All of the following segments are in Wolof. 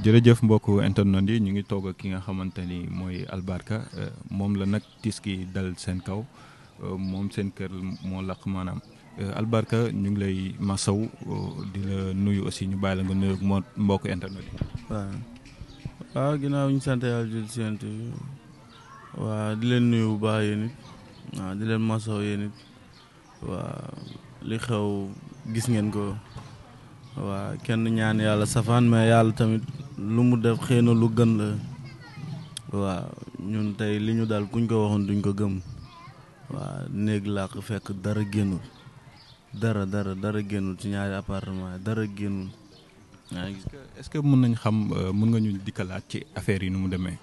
jërëjëf mbokk internet yi ñu ngi toog ak ki nga xamante ni mooy Albarka euh, moom la nag tiis ki dal seen kaw euh, moom seen kër moo laq maanaam euh, Albarka ñu ngi lay masaw di la nuyu aussi ñu bàyyi la nga nuyu ak moo mbokku internet yi. waaw ginnaaw ñu sant yàlla di leen nuyu bu baax yéen it di leen masaw yéen it waa li xew gis ngeen ko waa kenn ñaan yàlla safaan mais yàlla tamit. lu mu def xëy lu gën la waaw ñun tey li ñu daal kuñ ko waxoon duñ ko gëm waaw néeg làq fekk dara génnul dara dara dara génnul ci ñaari appartement dara génnul waaw est-ce que mën nañ xam euh, mën nga ñu dikkalaat ci affaire yi nu mu demee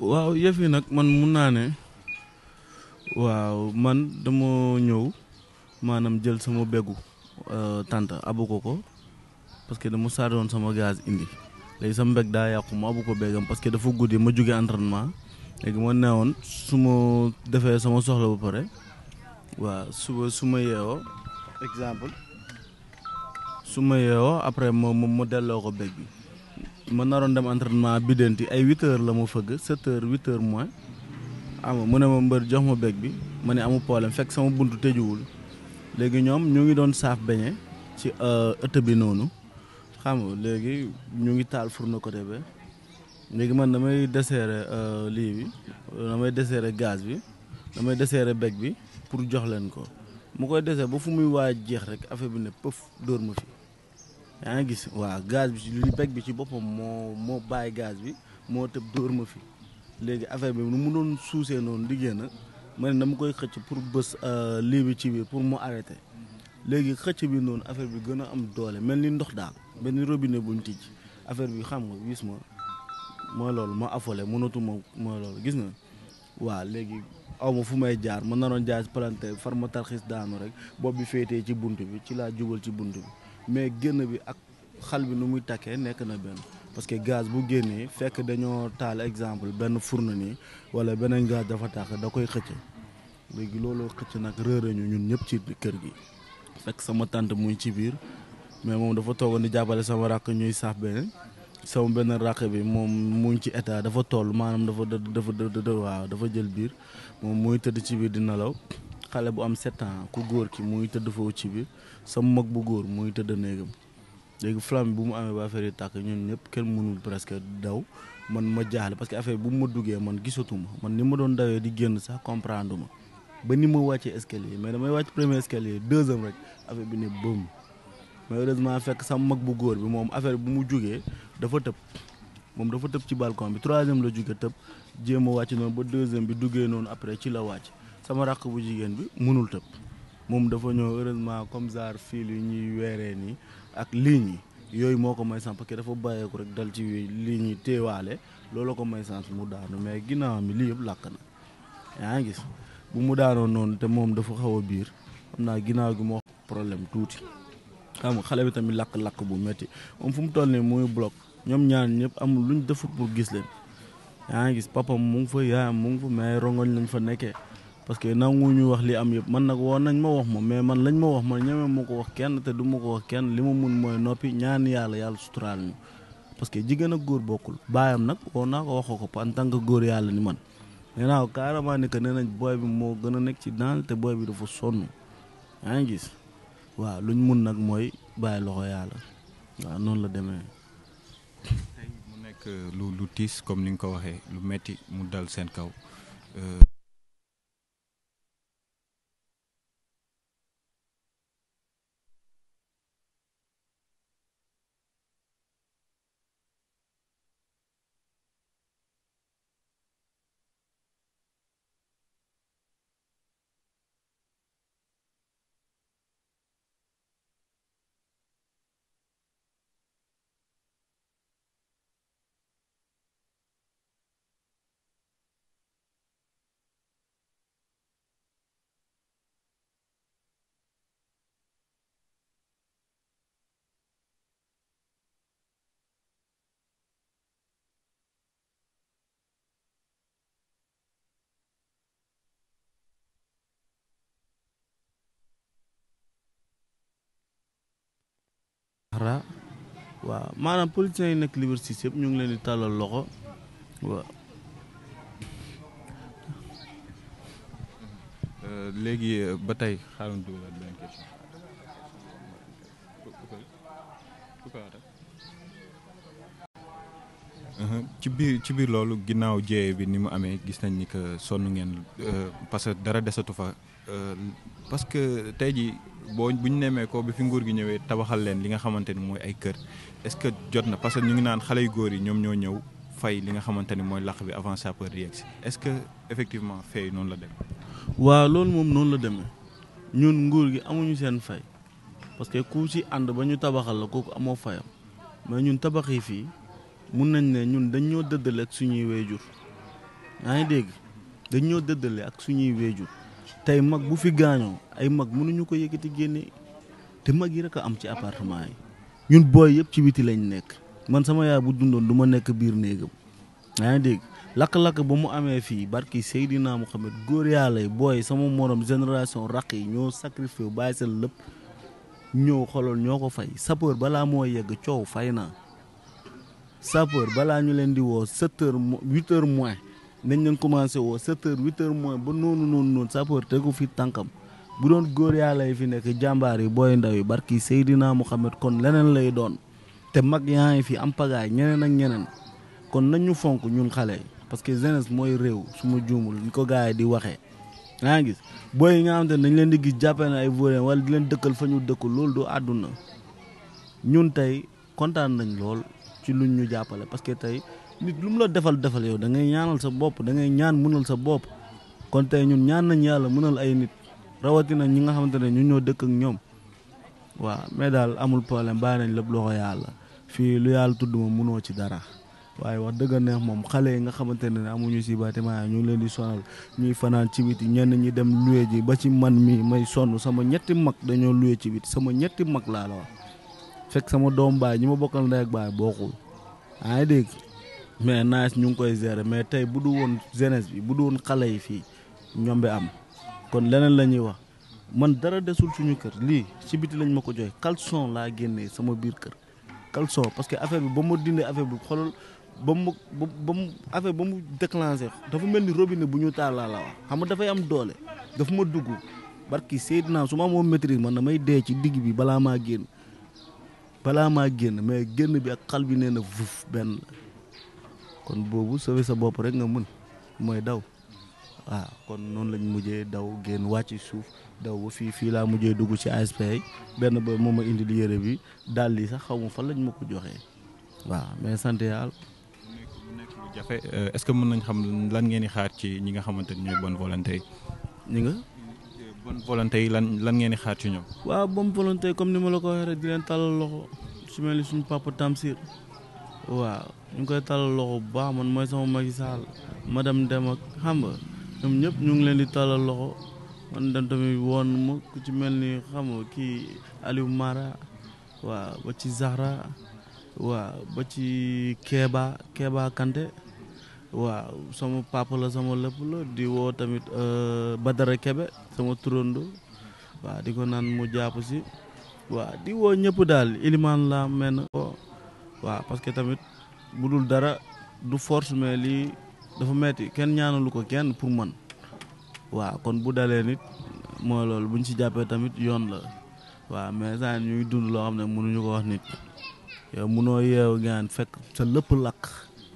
waaw yëf nag man mun naa ne waaw man dama ñëw maanaam jël sama beggu euh, tante abu ko ko parce que dama saadoon sama gaz indi léegi sama mbég daa yàqu ma abu ko béegam parce que dafa guddi ma jóge entraînement léegi ma ne woon su ma defee sama soxla ba pare waaw suba su ma yeewoo exemple su ma yeewoo après ma ma delloo ko bég bi ma naroon dem entraînement bi denti ay huit la ma fëgg sept huit heures moins ama mu ne ma mbër jox bég bi ma ne amul poolem fekk sama buntu tëjuwul léegi ñoom ñu ngi doon saaf beñe ci euh, ëtt bi noonu xam nga léegi ñu ngi taal fur fourneau côté be léegi man damay desserrer euh, lii bi damay desserrer gaz bi damay desserrer beg bi pour jox leen ko mu koy desee ba fu muy waaj jeex rek affaire bi ne pëf dóor ma fi yaa ngi gis waaw gaz bi ci li bec bi ci boppam moo moo bàyyi gaz bi moo tëb dóor ma fi léegi affaire bi nu mu doon suusee noonu liggéey na ma ne dama koy xëcc pour bës euh, lii bi ci biir pour mu arrêté léegi xëcc bi noonu affaire bi gën a am doole mel ni ndox daal mel robine robinet buñ tijj affaire bi xam nga gis ma mooy loolu ma affolé mënatuma mooy loolu gis na waaw léegi awma fu may jaar mën naroon jaar palanteer far ma tarxis daanu rek bopp bi féetee ci bunt bi ci laa jubal ci bunt bi mais génn bi ak xal bi nu muy takkee nekk na benn parce que gaz bu génnee fekk dañoo taal exemple benn fourne nii wala beneen gaz dafa tax da koy xëcc léegi looloo xëcc nag rëerañu ñun ñëpp ci kër gi fekk sama tante muy ci biir mais moom dafa toogoon di jàppale sama rakk ñuy saaf beneen sama benn raq bi moom mu ngi ci état dafa toll maanaam dafa dafa dafa waaw dafa jël biir moom muy tëdd ci biir di nelaw xale bu am sept ans ku góor ki muy tëdd foofu ci biir sama mag bu góor muy tëdd néegam léegi flamme bu mu amee ba affaire yi ñun ñëpp kenn mënul presque daw man ma jaaxle parce que affaire bu ma duggee man gisatuma man ni ma doon dawee di génn sax comprendre ma ba ni ma wàccee escalier mais damay wàcc premier escalier deuxième rek affaire bi ne bëm malheureusement fekk sama mag bu góor bi moom affaire bu mu jógee dafa tëb moom dafa tëb ci balcon bi troisième la jóge tëb jéem a wàcc noonu ba deuxième bi duggee noonu après ci la wàcc sama rakk bu jigéen bi mënul tëb moom dafa ñëw heureusement comme genre fii li ñuy weeree nii ak lignes yi yooyu moo ko may sens parce que dafa bàyyeeku rek dal ci lignes yi téewaale loolu ko may sens mu daanu mais ginnaaw mi lii yëpp làkk na yaa ngi bu mu daanoo noonu te moom dafa xaw a biir xam naa ginnaaw gi moo problème tuuti xam nga xale bi tamit lakk-lakk bu metti moom fu mu toll nii muy bloc ñoom ñaan ñëpp amul luñ defut pour gis leen yaa ngi gis papam mu ngi fa yaayam mu ngi fa mais rongoñ lañ fa nekkee parce que nangu ñu wax li am yëpp man nag woo nañ ma wax ma mais man lañ ma wax man ñeme ma ko wax kenn te du ma ko wax kenn li ma mun mooy noppi ñaan yàlla yàlla suturaal ñu parce que jigéen ak góor bokkul baayam nag woo naa ko waxoo ko en tant que góor yàlla ni man nee naa ko ne nañ booy bi moo gën a nekk ci daan te booy bi dafa sonn a ngi gis waaw luñ mun nag mooy bàyyi loxo yàlla waaw noonu la demee. tey mu nekk lu lu tiis comme ni nga ko waxee lu metti mu dal seen kaw. Euh, Zahra waaw maanaam politiciens yi nekk Liberté yëpp ñu ngi leen di tàllal loxo waaw. Euh, léegi euh, ba tey xaarantu benn question euh, ci biir ci biir loolu ginnaaw jéeye bi ni mu amee gis nañ ni que sonn ngeen parce que dara desatu fa parce tey ji boo bu ñu nemmee ko bi fi nguur gi ñëwee tabaxal leen li nga xamante ni mooy ay kër est-ce que jot na parce que ñu ngi naan xale yu góor yi ñoom ñoo ñëw fay li nga xamante ni mooy làq bi avant sapeur di yegsi est-ce que effectivement fay noonu la demee. waa loolu moom noonu la demee ñun nguur gi amuñu seen fay parce que ku ci ànd ba ñu tabaxal la kooku amoo fayam mais ñun tabax yi fii mun nañ ne ñun dañ ñoo dëddale ak suñuy wéyjur yaa ngi dégg dañ ñoo dëddale ak suñuy weejur tey mag bu fi gaañoo ay mag mënuñu ko yëkkati génne te mag yi rek am ci appartement yi ñun booy yëpp ci biti lañ nekk man sama yaay bu dundoon du ma nekk biir néegam yaa ngi dégg lakk-lakk ba mu amee fii barki Seydina Mouhamed góor yàlla yi booy sama moroom génération raq yi ñoo sacrifié bàyyi seen lépp ñëw xolol ñoo ko fay sapeur balaa moo yegg coow fay naa sapeur balaa ñu leen di woo sept heures huit moins nañ leen commencé woo 7 heures 8 heures ba noonu noonu noonu sapeur tegu fii tànkam bu doon góor yàlla yi fi nekk jàmbaar yi booy ndaw yi barki Seydina Mouhamed kon leneen lay doon te mag yaa ngi fi am pagaay ñeneen ak ñeneen kon nañu fonk ñun xale yi parce que jeunesse mooy réew su ma juumul ni ko gars yi di waxee. yaa ngi gis booy yi nga xam te leen di gis jàppee na ay vaurien wala di leen dëkkal fa ñu dëkk loolu du àdduna ñun tey kontaan nañ lool ci luñ ñu jàppale parce que tey. nit lu mu la defal defal yow da ngay ñaanal sa bopp dangay ñaan mënal sa bopp kon tey ñun ñaan nañ yàlla mënal ay nit rawatina ñi nga xamante ne ñun ñoo dëkk ak ñoom waaw mais daal amul problème bàyyi nañ lépp loxo yàlla fii lu yàlla tudd ma ci dara waaye wax dëgg neex moom xale yi nga xamante ne amuñu si bâtiment ñu ngi leen di sonal ñuy fanaan ci biti ñenn ñi dem luwe ji ba ci man mi may sonn sama ñetti mag dañoo luwe ci biti sama ñetti mag laa la wax fekk sama doom baay ñu ma bokkal ndey ak baay bokkul yaa mais naaj ñu ngi koy gérer mais tey bu du woon jeunesse bi bu du woon xale yi fii ñoom bi am kon leneen la ñuy wax man dara desul suñu kër lii ci biti lañ ma ko joxe caleçon laa génnee sama biir kër caleçon parce que affaire bi ba mu dindi affaire bi xoolal ba mu ba mu affaire ba mu déclenché dafa mel ni robine bu ñu taal wax xam nga dafay am doole dafa ma dugg barki Seydina su ma amoon maîtrise man may dee ci digg bi balaa maa génn balaa maa génn mais génn bi xal bi nee na vuf benn kon boobu sauver sa bopp rek nga mun mooy daw waaw kon noonu lañ mujjee daw génn wàcc suuf daw ba fii fii laa mujjee dugg ci aspe benn ba moom ma indi li yére bi daal lii sax xaw ma fan lañ ma ko joxee waaw mais sant yàlla. mu nekk lu jafe euh, est-ce que mën nañ xam lan ngeen di xaar ci ñi nga xamante ni ñooy bon volonté yi. ñi nga. bon volonté yi lan lan ngeen di xaar ci ñoom. waaw bonne volonté comme ni ma la ko waxee di leen tàllal loxo su mel ni suñu papa waaw ñu ngi koy talal loxo bu baax man mooy sama Macky Sall madame Dem ak xam nga ñoom ñëpp ñu ngi leen di talal loxo man dem tamit woon ma ku ci mel ni xam nga kii Aliou Mara waaw ba ci Zahra waaw ba ci Kéba Kéba Kanté waaw sama papa la sama lépp la di woo tamit euh, Badara Kebe sama turando waaw di ko naan mu jàpp si waaw di woo ñëpp daal ilimaan la mel na waaw parce que tamit bu dul dara du force mais lii dafa metti kenn ñaanalu ko kenn pour man waaw kon bu dalee nit mooy loolu buñ si jàppee tamit yoon la waaw mais saa ñu ngi dund loo xam ne mënuñu ko wax nit yow munoo yeewu gaan fekk sa lëpp lakk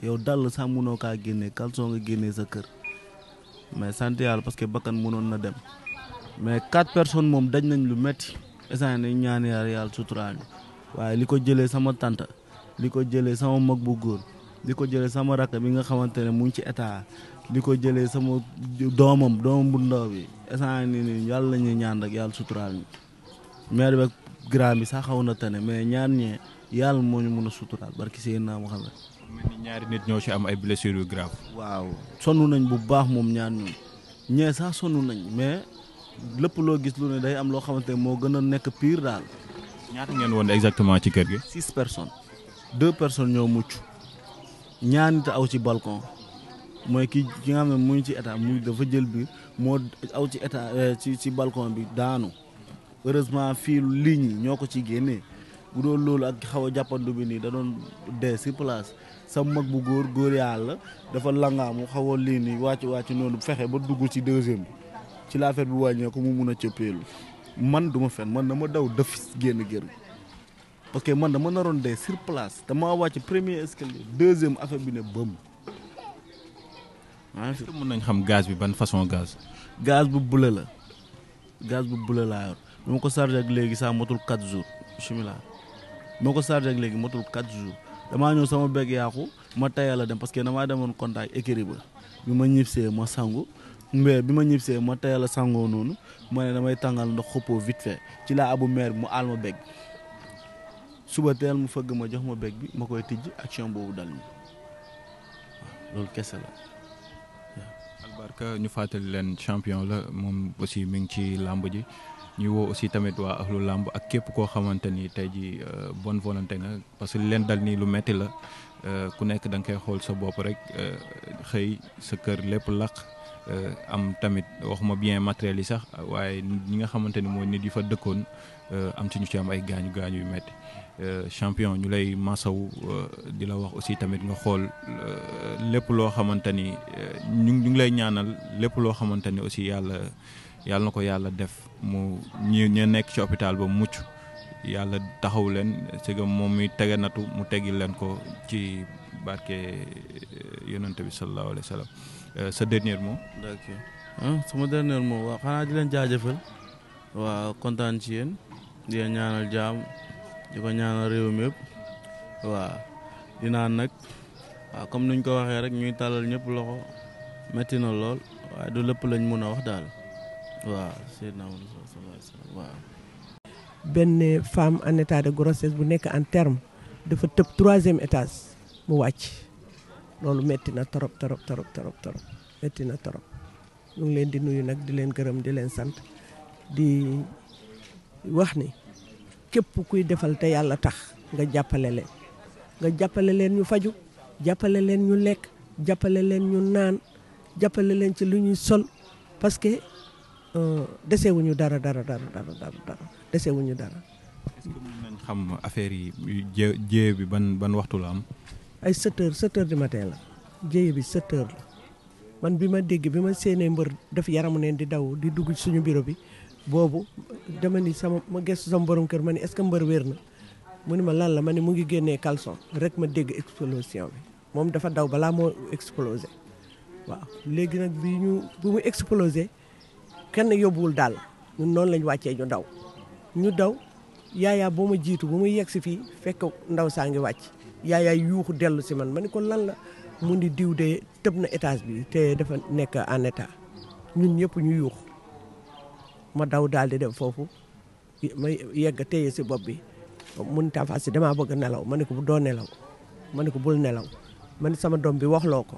yow dal sax munoo kaa génne caleçon nga génnee sa kër mais sant yàlla parce que bakkan mënoon na dem mais quatre personne moom daj nañ lu metti instant nañ ñaan yàlla yàlla suturaañu waaye li ko jëlee sama tante di ko jëlee sama mag bu góor di ko jëlee sama rakk bi nga xamante ne mu ngi ci état di ko jëlee sama doomam doomam bu ndaw bi instant ni nii yàlla ñu ñaan ak yàlla suturaal ñu maire beeg grand bi sax xaw na tane mais ñaar ñee yàlla moo ñu mën a suturaal barki seen naa Muhammad mel ni ñaari nit ñoo ci am ay blessures yu grave. waaw sonn nañ bu baax moom ñaar ñun ñee sax sonn nañ mais lépp loo gis lu ne day am loo xamante ne moo gën a nekk pire daal. ñaata ngeen woon exactement ci kër gi. six personnes. deux personnes ñoo mucc ñaar aw ci balkon mooy ki ki nga xam ne mu ngi ci état mu dafa jël bi moo aw ci état euh, ci ci balcon bi daanu heureusement fii ligne yi ñoo ko ci génnee bu doon loolu ak xaw a jàppandu bi nii da doon dee si place sa mag bu góor góor yàlla dafa langaamu xaw a lii nii wàcc wàcc noonu fexe ba dugg ci deuxième bi ci la affaire bi wàññeeku mu mun a cëppeelu man du ma fen man na ma daw def génn gér parce que man dama naroon dee sur place damaa wàcc premier escalier deuxième affaire bi ne bëm. est-ce que nañ xam gaz bi ban façon gaz. gaz bu bule la gaz bu bula laa yor bi ma ko chargé léegi saa motul 4 jours bismillah bi ma ko chargé léegi motul 4 jours damaa ñëw sama beeg yaaku ma tayal a dem parce que damaa demoon contact écrit ba bi ma ñibsee ma sangu mbee bi ma ñibsee ma tayal a sangoo noonu ma ne damay tàngal ndox xëppoo vite fait ci laa abu mu aal ma suba teel mu fëgg ma jox ma bég bi ma koy tijj action boobu dal ñu waaw loolu kese la. albarka ñu fàttali leen champion la moom aussi mi ngi ci làmb ji ñuy woo aussi tamit waa ahlu làmb ak képp koo xamante ni tey ji euh, bonne volante nga parce que leen dal nii lu metti la euh, ku nekk da nga koy xool sa bopp rek euh, xëy sa kër lépp laq. Euh, am tamit waxuma bien matériel yi sax waaye ñi nga xamante ni mooy nit yi fa dëkkoon euh, am ci ñu ci am ay gaañu gaañu yu metti euh, champion ñu lay masaw di la wax aussi tamit nga xool lépp loo xamante ni ñu ñu ngi lay ñaanal lépp loo xamante ni aussi yàlla yàlla na ko yàlla def mu ñi ñu nekk ci hôpital ba mucc yàlla taxaw leen c'est moom mi tege natu mu teggi leen ko ci barke yonent bi sallallahu alayhi wa sallam euh, sa dernier mot. d'accord ah, dernier mot waaw xanaa di leen jaajëfal waaw kontaan ci yéen di leen ñaanal jaam di ko ñaanal réew mi yëpp waaw di naan nag waaw comme nuñ ko waxee rek ñuy tàllal ñëpp loxo metti na lool waaye du lépp lañ mun a wax daal waaw Seydina Muhammad sallallahu alayhi wa sallam benn femme en état de grossesse bu nekk en terme dafa tëb troisième étage mu wàcc. loolu metti na trop trop trop trop trop metti na trop ñu ngi leen di nuyu nag di leen gërëm di leen sant di wax ni képp kuy defal te yàlla tax nga jàppale leen nga jàppale leen ñu faju jàppale leen ñu lekk jàppale leen ñu naan jàppale leen ci lu ñuy sol parce que euh, desewuñu dara dara dara dara dara desewuñu dara. est-ce que mën nañ bi ban ban waxtu la am. ay 7 heures 7 heures la jéye bi 7 la man bi ma dégg bi ma séenee mbër def yaramu neen di daw di dugg suñu biro bi boobu dama ni sama ma gëstu sama borom kër ma ni est-ce que mbër wér na mu ni ma lan la man ni mu ngi génnee caleçon rek ma dégg explosion bi moom dafa daw balaa moo explosé waaw léegi nag bi ñu bu mu explosé kenn yóbbuwul daal ñun noonu lañ wàccee ñu daw ñu daw yaayaa boo ma jiitu bu mu yegg si fii fekk ndaw saa ngi wàcc yaayaay yuuxu dellu si man ma ni ko lan la mun di diw de tëb na étage bi te dafa nekk en état ñun ñëpp ñu yuux ma daw daal di dem foofu ma yegg téye si bopp bi mun tafa si damaa bëgg nelaw ma ne ko bu doo nelaw ma ne ko bul nelaw ma ne sama doom bi loo ko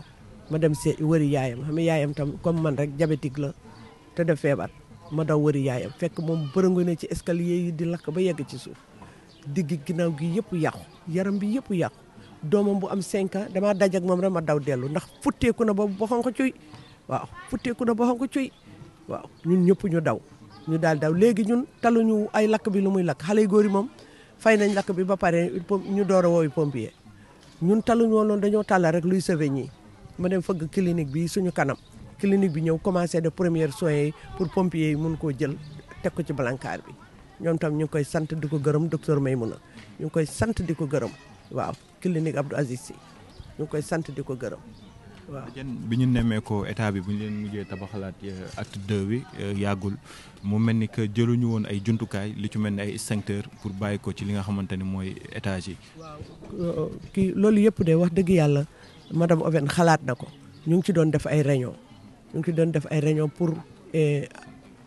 ma dem see wëri yaayam xam yaayam tam comme man rek diabétique la te def feebar ma daw wëri yaayam fekk moom bërëngu ne ci escalier yi di lakk ba yegg ci suuf digg ginnaaw gi yëpp yàqu yaram bi yëpp yàqu doomam bu am 5 ans damaa daj moom rek ma daw dellu ndax futteeku na boobu ba ko cuy waaw futteeku na ba ko cuy waaw ñun ñëpp ñu daw ñu daal daw léegi ñun taluñu ay lakk bi lu muy lakk xale yu góor yi moom fay nañ lakk bi ba pare ñu door a wooyu pompier ñun taluñu woon loon dañoo tàlla rek luy sauver ñi ma dem fëgg clinique bi suñu kanam clinique bi ñëw commencé de première soins yi pour pompier yi mun koo jël teg ko ci balankaar bi ñoom tam ñu ngi koy sant di ko gërëm docteur Maymouna ñu ngi koy sant di ko gërëm waaw clinique Abdou Aziz Sy ñu ngi koy sant di ko gërëm waaw bi ñu nemmee ko état bi bu ñu leen mujjee tabaxalaat euh, acte deux bi euh, yàggul mu mel ni que jëluñu woon ay jumtukaay li ci mel ni ay extincteur pour bàyyi ko ci li nga xamante ni mooy étage yi. waaw euh, loolu yëpp de wax dëgg yàlla madame Oven xalaat na ko ñu ngi ci doon def ay réunion ñu ngi ci doon def ay réunion pour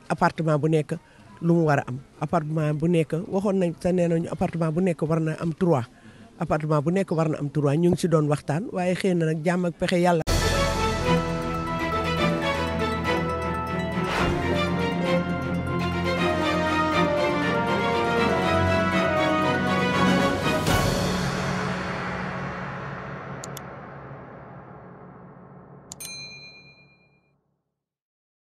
appartement bu nekk. lu mu war a am appartement bu nekk waxoon nañ te nee nañu appartement bu nekk war na am trois appartement bu nekk war na am trois ñu ngi si doon waxtaan waaye xëy na nag jàmm pexe yàlla.